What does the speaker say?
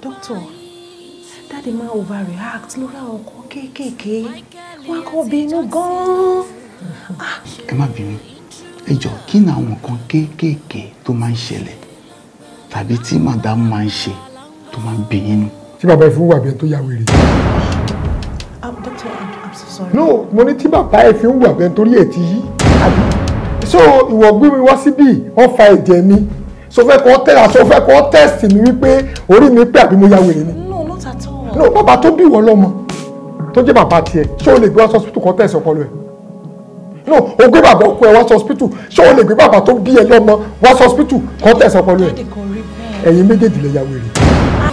Doctor, dáàdi man overreact lórí àwọn nǹkan kéékèèké wọn kò bínú gan-an. Ah. ẹ má bínú ẹ jọ kí ni àwọn nǹkan kéékèèké tó máa ń ṣẹlẹ̀ tàbí tí madam máa ń ṣe tó máa ń bí yín nù. tí bàbá ìfún wà bẹ́ẹ̀ tó doctor i'm so sorry. no money. ní tí bàbá ẹ fi ń wà bẹ́ẹ̀ torí ẹ̀ ti yí. so ìwọ gbé mi wá síbí wọ́n fa ẹ̀jẹ̀ mi so fẹ́ kọ́ tẹ́ àṣọ fẹ́ kọ́ tẹ́sì mi wípé orí mi pé àbí mo ya wèrè ni. no not at all. no bàbá tó bí ìwọ lọ́mọ tó jẹ́ bàbá tiẹ̀ ṣé o lè gbé wá sọ hospital kọ́ tẹ́sì ọpọlọ ẹ̀ no o gbé bàbá ọkọ ẹ wá sọ hospital ṣé o lè gbé bàbá tó bí ẹ lọ́mọ wá sọ hospital kọ́ tẹ́sì ọpọlọ ẹ̀ ẹ̀yin méjèèjì lè ya wèrè. Ah,